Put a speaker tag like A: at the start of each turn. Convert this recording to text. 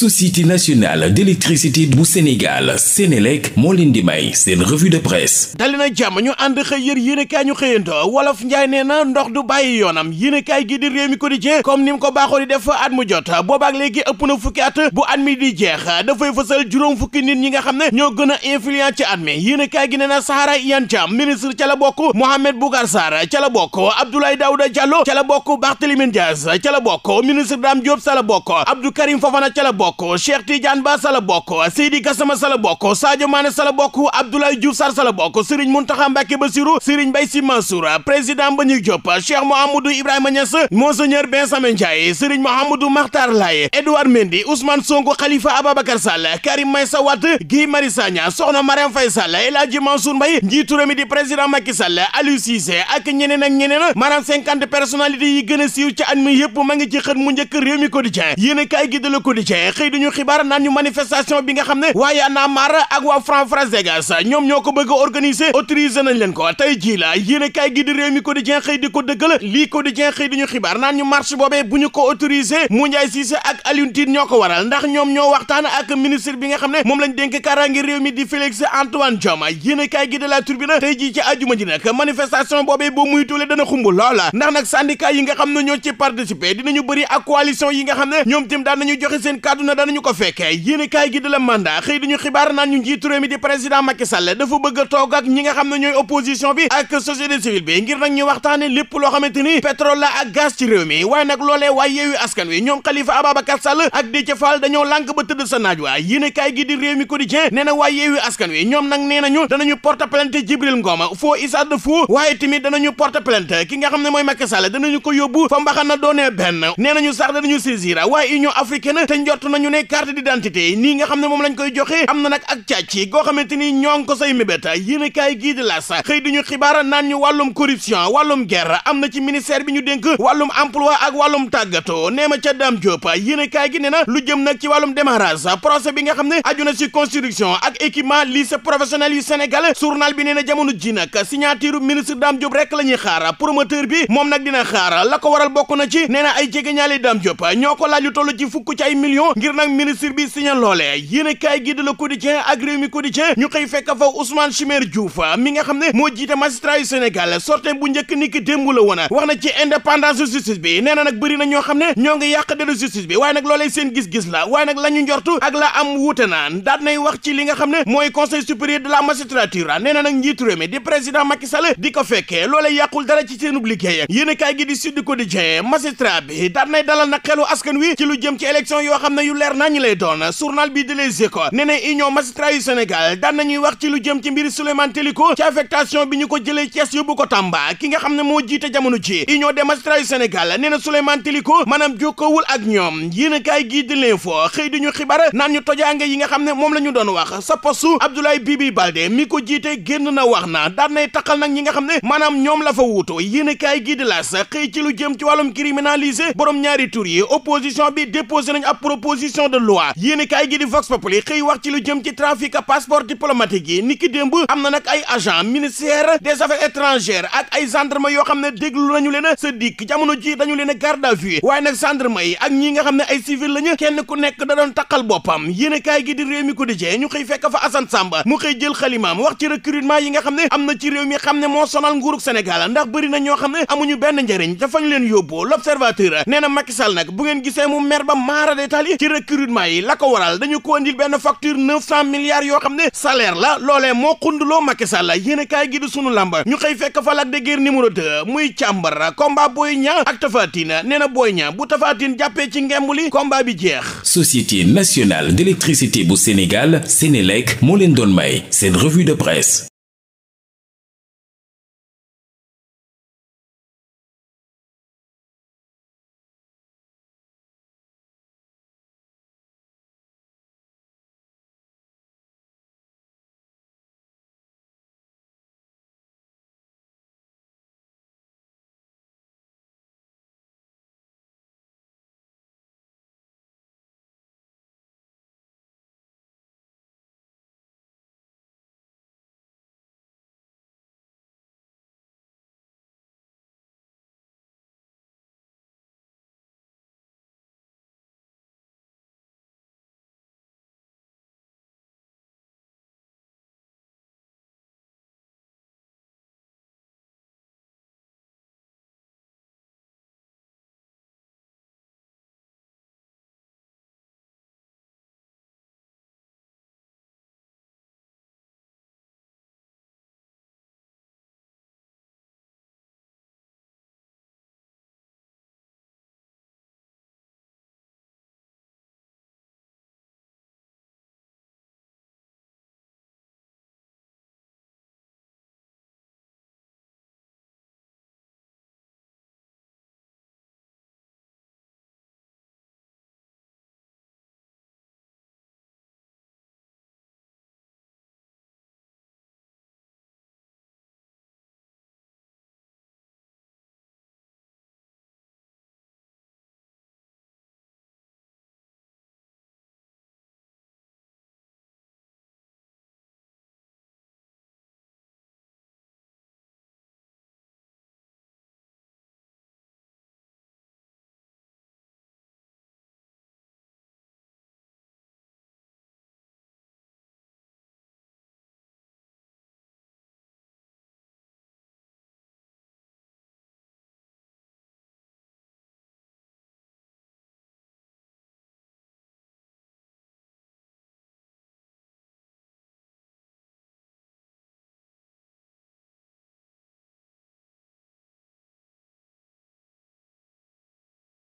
A: société nationale d'électricité bu Sénégal Sénélec moo leen di may seen revue de presse dali na jàmm ñu ànd xëy yër yéenekaay ñu xëyanto wolof njaay nee ndox du bàyyi yoonam yéenekaay gi di réew mi quotidien comme ni mu ko baaxoo di def at mu jot boobaak léegi ëpp na fukki at bu at mi di jeex dafay fësal juróom fukki nit ñi nga xam ne ñoo gën a influent ci at mi yéenekaay gi nee na Sahara Iyane Thiam ministre ca la bokk Mohamed Bougar Sarr ca la bokk Abdoulaye Daouda Diallo ca la bokk Barthélémy Dias ca la bokk Cheikh Tidiane Ba sa la bokk Seydi Gassama sa la bokk Sadio Mané sa la bokk Abdoulaye Diouf Sarr sa la bokk Serigne Mountakha Mbacké Bassirou Serigne Mbaye Sy Mansour président Mbagnick Diop Cheikh Mouhamadou Ibrahima Niass Monseigneur Benjamin Ndiaye Serigne Mouhamadou Makhtar Laye Edouard Mendy Khalifa Ababacar Sall Karim Meïssa Wade Guy Marius Sagna Sokhna Marième Faye Sall El Hadji Mansour Mbaye njiitu réew mi di président Macky Sall Aliou Cissé ak ñeneen ak ñeneen maanaam cinquante personnalités yi gën a siiw ma ngi ci a kaay gi de la xëy dañu xibaar naan ñu manifestation bi nga xam ne waaye ana mar ak waa Francfrancais ñoom ñoo ko bëgg a organiser autorisé nañ leen ko tey jii la yéen a kaay gi di réew mi quotidien xëy ko dëggal lii quotidien xëy duñu xibaar naan ñu marche boobee bu ñu ko autorisé mu Ndiaye Cissé ak Alioune ñoo ko waral ndax ñoom ñoo waxtaan ak ministre bi nga xam ne moom lañ dénk kaaraange réew mi di Félix Antoine Diome yéen a kaay la Tribune tey jii ci àjjuma ji ne ñoo ci participer dinañu bëri ak coalition yi nga xam ne ñoom tim ne danañu ko fekkee yéen kaay gi di la mandat xëy dañu xibaar naan ñu njiitu mi di président Macky Sall dafa bëgg a toog ak ñi nga xam ne ñooy opposition bi ak société civile bi ngir nag ñu waxtaane lépp loo xamante ni pétrole la ak gaz ci réew mi waaye nag loolee waaye yeewu askan wi ñoom Khalifa Ababacar Sall ak Déthié Fall dañoo lànk ba tëdd sa naaj waa yéen gi di réew mi quotidien na waaye yeewu askan wi ñoom nag nee nañu danañu porte plainte Jibril Ngoma foo Issa de fou waaye tamit danañu ki nga xam ne mooy Macky Sall danañu ko yóbbu fa mbaxana doonee benn nee nañu sax danañu saisir waaye ñu ne carte d'identité nii nga xam ne moom lañu koy joxe am na nag ak càcc goo xamante ni ñoo ngi ko say mébét yéen a kaay gii di las xëy di ñu xibaar naan ñu wàllum corruption wàllum guerre am na ci ministère bi ñu dénk wàllum emploi ak wàllum tàggato nee ma ca Dame Diop yéen a kaay gi ne na lu jëm nag ci wàllum démarrage procès bi nga xam ne aju na ci construction ak équipement lycée professionnel yu Sénégal journal bi nena na jamono ji nag signature ministre Dame Diop rek la ñuy xaar promoteur bi moom nag dina xaar la ko waral bokk na ci nee na ay jegeñaale Dame Diop ñoo ko laaj lu toll ci fukk ci ay millions ngir nag ministre bi signé loolee yéen kaay gi de Le Quotidien ak Rewmi Quotidien ñu xëy fekk fa Ousmane Chimère Diouf mi nga xam ne moo jiite magistrat yu Sénégal sortie bu njëkk ni démb la woon wax na ci indépendance justice bi nee na nag bëri na ñoo xam ne ñoo ngi yàq deru justice bi waaye nag loolee seen gis-gis la waaye nag la ñu njortu ak la am wuute naan daat nay wax ci li nga xam ne mooy conseil supérieur de la magistrature nee na nag njiitu réew mi di président ko fekkee loolee yàqul dara ci seenub liggéey yéen kaay gi di Sud Quotidien magistrat bi daat nay dalal nag xelu askan wi ci lu jëm ci élection yoo xam ne yu leer naa ñu lay doon journal bi di Les Échos nee na yu Sénégal daan wax ci lu jëm ci mbiri Souleymane Téliko ci affectation bi ñu ko jëlee Thiès yóbbu ko Tamba ki nga xam ne moo jiite jamono ji union des magistrats yu Sénégal nee na Souleymane Téliko maanaam jokkoowul ak ñoom yéen a kaay gii di l'info xëy ñu xibaar naan tojaange yi nga xam ne moom la ñu doon wax sa postu Abdoulaye Bibi mi ko jiite génn na wax na daan nay taxal nag ñi nga xam ne maanaam ñoom la fa wuutu yéen a kaay gii di laas xëy ci lu jëm ci wàllum yi opposition bi déposé nañ proposition de loi yéenekaay gi di Vox Populi xëy wax ci lu jëm ci trafic passeport diplomatique yi niki démb am na nag ay agent ministère des affaires étrangères ak ay gendarme yoo xam ne déglu nañu leen sa dikk jamono ji dañu leen garde à vue waaye nag gendarme yi ak ñi nga xam ne ay civil lañu kenn ku nekk da doon taqal boppam yéenekaay gi di réew mi ko di jee ñu xëy fekk fa Assane Samba mu xëy jël xalimaam wax ci recrutement yi nga xam ne am na ci réew mi xam ne moo sonal nguurug Sénégal ndax bëri na ñoo xam ne amuñu benn njëriñ dafañ leen yóbboo l'observateur nee na Macky Sall nag ngeen gisee mu mer recrutement yi la ko waral dañu ko andil benn facture neuf cent milliards yoo xam ne salaire la loolee moo xunduloo Macky Sall yéen a kaay gi di sunu làmb ñu xëy fekk fa Lac de Guiers numéro 2 muy càmbar combat Boy Niang ak Tapha Tine nee na bu Tapha jàppee ci ngemb li combat bi jeex. Société nationale d'électricité bu Sénégal Sénélec moo leen doon may seen revue de presse.